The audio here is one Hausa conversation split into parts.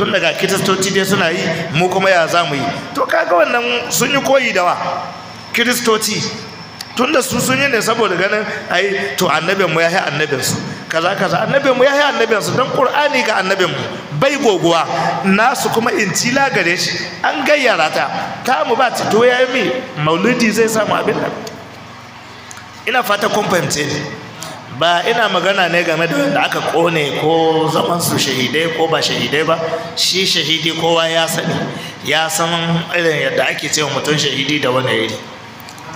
tun daga kiristoci dai suna yi mu kuma ya za mu yi to kaga wannan sun yi koyi da wa kiristoci tun da su sun yi ne saboda ganin ai to annabin mu ya yi annabinsu. kaza kaza annabin mu ya yi annabinsu don ƙur'ani ga annabin mu bai goguwa nasu kuma in ci gare shi an gayyara ta ta mu ba ta to ya yi mai maulidi zai samu abin nan ina fata kun fahimce ni ba ina magana ne game da wanda aka kone ko zaman su shahidai ko ba shahidai ba shi shahidi kowa ya sani ya san irin yadda ake wa mutum shahidi da wani iri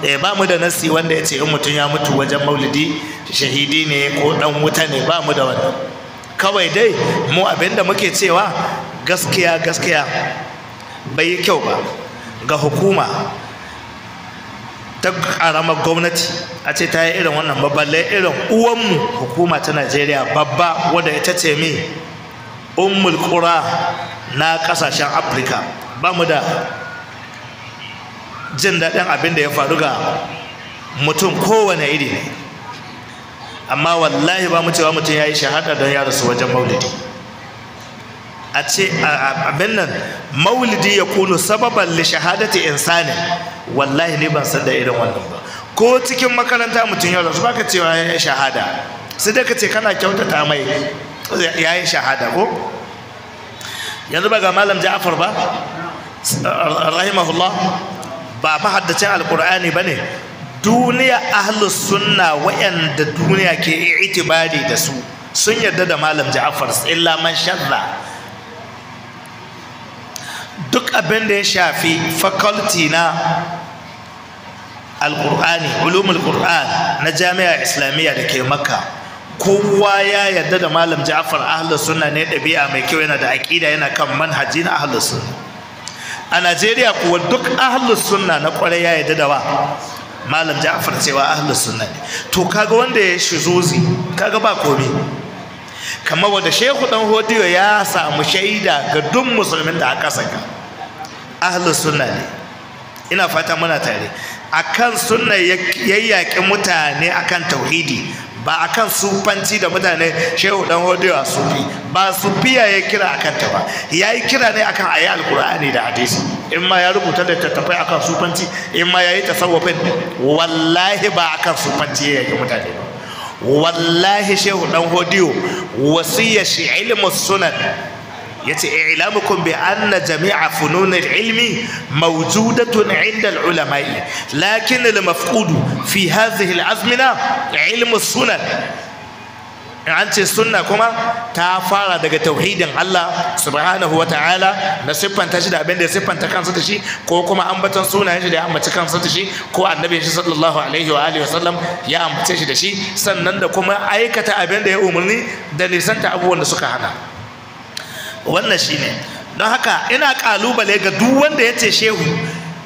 eh ba mu da nasi wanda ya ce in mutum ya mutu wajen maulidi shahidi ne ko dan wuta ne ba mu da wannan kawai dai mu abinda muke cewa gaskiya gaskiya bai yi kyau ba ga hukuma ta karamar gwamnati a ce ta yi irin wannan baballe irin uwanmu hukuma ta najeriya babba wadda ita ce mi umul na kasashen afirka ba mu da jin daɗin abin da ya faru ga mutum kowane iri ne amma wallahi ba mu cewa mutum ya yi shahada don ya rasu wajen maulidi a ce abin nan maulidi ya kunu sababan li shahadati insani wallahi ne ban san da irin wannan ba ko cikin makaranta mutum yau rasu baka cewa ya yi shahada sai da ka ce kana kyautata mai ya yi shahada ko yanzu ba ga malam ja'afar ba rahimahullah ba mahaddacin alkur'ani ba ne duniya ahlus sunna wa'anda duniya ke itibari da su sun yarda da malam ja'afar illa man shadda duk abin da ya shafi faculty na alkur'ani ulumul qur'an na jami'a islamiyya da ke maka kowa ya yarda da malam ja'far ahlus suna ne ɗabi'a mai kyau yana da aƙida yana kan manhaji na ahlus suna a najeriya kuwa duk ahlus suna na ƙwarai ya yarda da wa malam ja'far cewa ahlus suna ne to kaga wanda ya zozi kaga ba komai kamar wadda shehu dan hodiyo ya samu shaida ga duk musulmin da aka saka ahlus sunna ne ina fata muna tare akan sunna yayyaki mutane akan tauhidi ba akan sufanci da mutane shehu dan hodiyo sufi ba sufiya ya kira akan ta ba yayi kira ne akan ayi alqur'ani da hadisi in ma ya rubuta da tattafai akan sufanci in ma yayi tasawufin wallahi ba akan sufanci yayyaki mutane ba wallahi shehu dan hodiyo wasiya shi ilmu sunan yace i'lamukum bi anna jami'a fununin ilmi mawjudatun 'inda al-ulama'i lakin al-mafqud fi hazihi al-azmina ilmu sunan in an ce sunna kuma ta fara daga tauhidin Allah subhanahu wa ta'ala na siffanta shi da abin da ya siffanta kansa da shi ko kuma ambaton sunayen shi da ya ambaci kansa da shi ko annabi shi sallallahu alaihi wa alihi wasallam ya ambace shi da shi sannan da kuma aikata abin da ya umarni da nisanta abubuwan da suka hana wannan shine don haka ina kalubale ga duk wanda ya ce shehu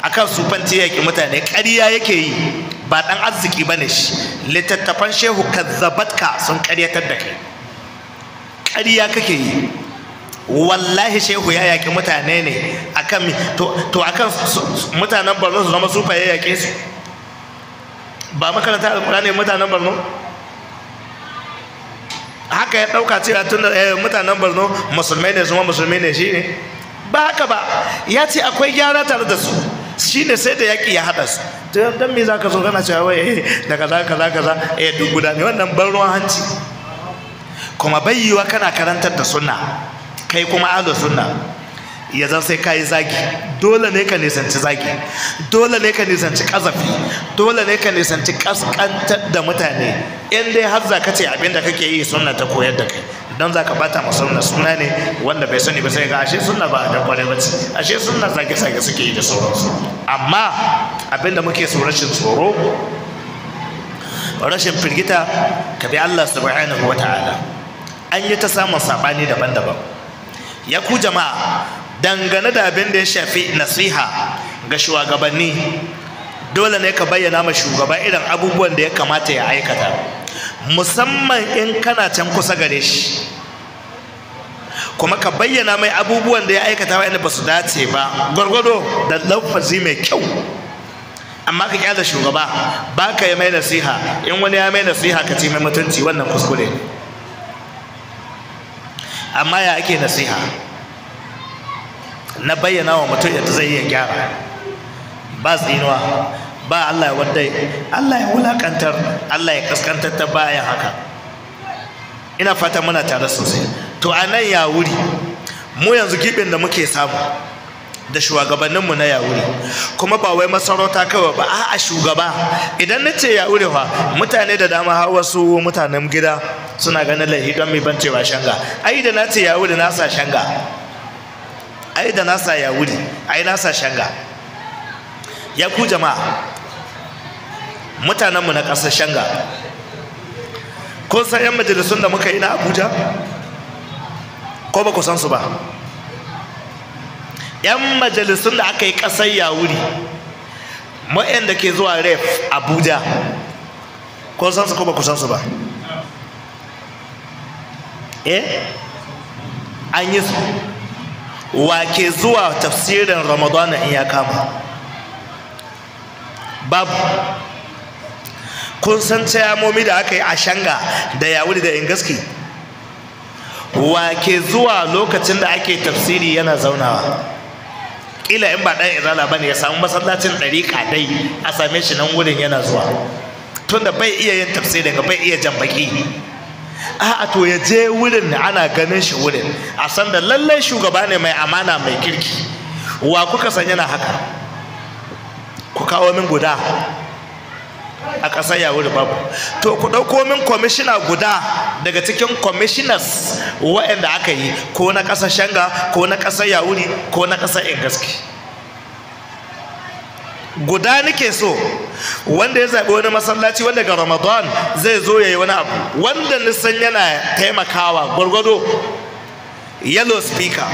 akan sufanci yake mutane ƙarya yake yi ba dan arziki bane shi littattafan shehu kazzabatka sun karyatar da kai ƙarya kake yi wallahi shehu ya yaƙi mutane ne akan to akan mutanen Borno su zama sufa ya yaƙe su ba makaranta ne mutanen Borno haka ya ɗauka cewa tun da eh, mutanen Borno musulmai ne zuma musulmai ne shi ne ba haka ba ya ce akwai gyara tare da su shi ne sai da yaƙi ya haɗa su don me za ka zo kana cewa wai da kaza kaza kaza eh duk guda ne wannan ban ruwan hanci kuma bayyuwa kana karantar da sunna kai kuma ahlus sunna ya zan sai ka yi zagi dole ne ka nisanci zagi dole ne ka nisanci kazafi dole ne ka nisanci kaskantar da mutane in dai har za ka ce abinda kake yi sunna ta koyar da kai don za ka bata ma sunna sunna ne wanda bai sani ba sai ga ashe sunna ba da kware ba ce ashe sunna zage zage suke yi da sauransu amma abinda muke so rashin tsoro rashin firgita ka bi Allah subhanahu wataala ta'ala an yi ta samun sabani daban-daban ya ku jama'a dangane da abin da ya shafi nasiha ga shugabanni dole ne ka bayyana ma shugaba irin abubuwan da ya kamata ya aikata musamman in kana can kusa gare shi kuma ka bayyana mai abubuwan da ya aikata inda ba su dace ba gwargwado da lafazi mai kyau amma ka kyala shugaba ba ka yi mai nasiha in wani ya mai nasiha ka ce mai mutunci wannan kuskure amma ya ake nasiha na bayyana wa mutum yadda zai iya gyara ba tsinuwa ba Allah ya wadda Allah ya wulakantar Allah ya kaskantar ta bayan haka ina fata muna tare sosai to a nan ya wuri mu yanzu gibin da muke samu da shugabanninmu na yawuri kuma ba wai masarauta kawai ba a shugaba idan na ce yawuri fa mutane da dama har wasu mutanen gida suna ganin laifi don mai bancewa shanga ai da na ce yawuri na sa shanga ai da nasa ya wuri ai nasa shanga ya ku jama'a mutanenmu na ƙasar shanga kun san 'yan majalisun da muka yi na abuja ko ba ku san su ba 'yan majalisun da aka yi ƙasar wuri ma'yan da ke zuwa ref abuja ko san su ko ba ku san su ba eh an yi su wake zuwa tafsirin ramadana in ya kama babu kun san tayamomi da aka yi a shanga da yawuri da ingaski wake zuwa lokacin da ake tafsiri yana zaunawa ƙila in ba ɗan izala ba ne ya samu masallacin ɗari dai a same shi nan wurin yana zuwa tunda bai iya yin tafsirin bai iya jan baki a'a to ya je wurin ana ganin shi wurin a sanda lallai shugaba ne mai amana mai kirki wa kuka san yana haka ku kawo min guda a ƙasar yawuri babu to ku ɗauko min kwamishina guda daga cikin kwamishinas waɗanda aka yi ko na ƙasar shanga ko na ƙasar yawuri ko na ƙasar ingaski guda nake so wanda ya zaɓi wani masallaci wanda ga ramadan zai zo ya yi wani abu wanda nisan yana taimakawa gwargwado yellow speaker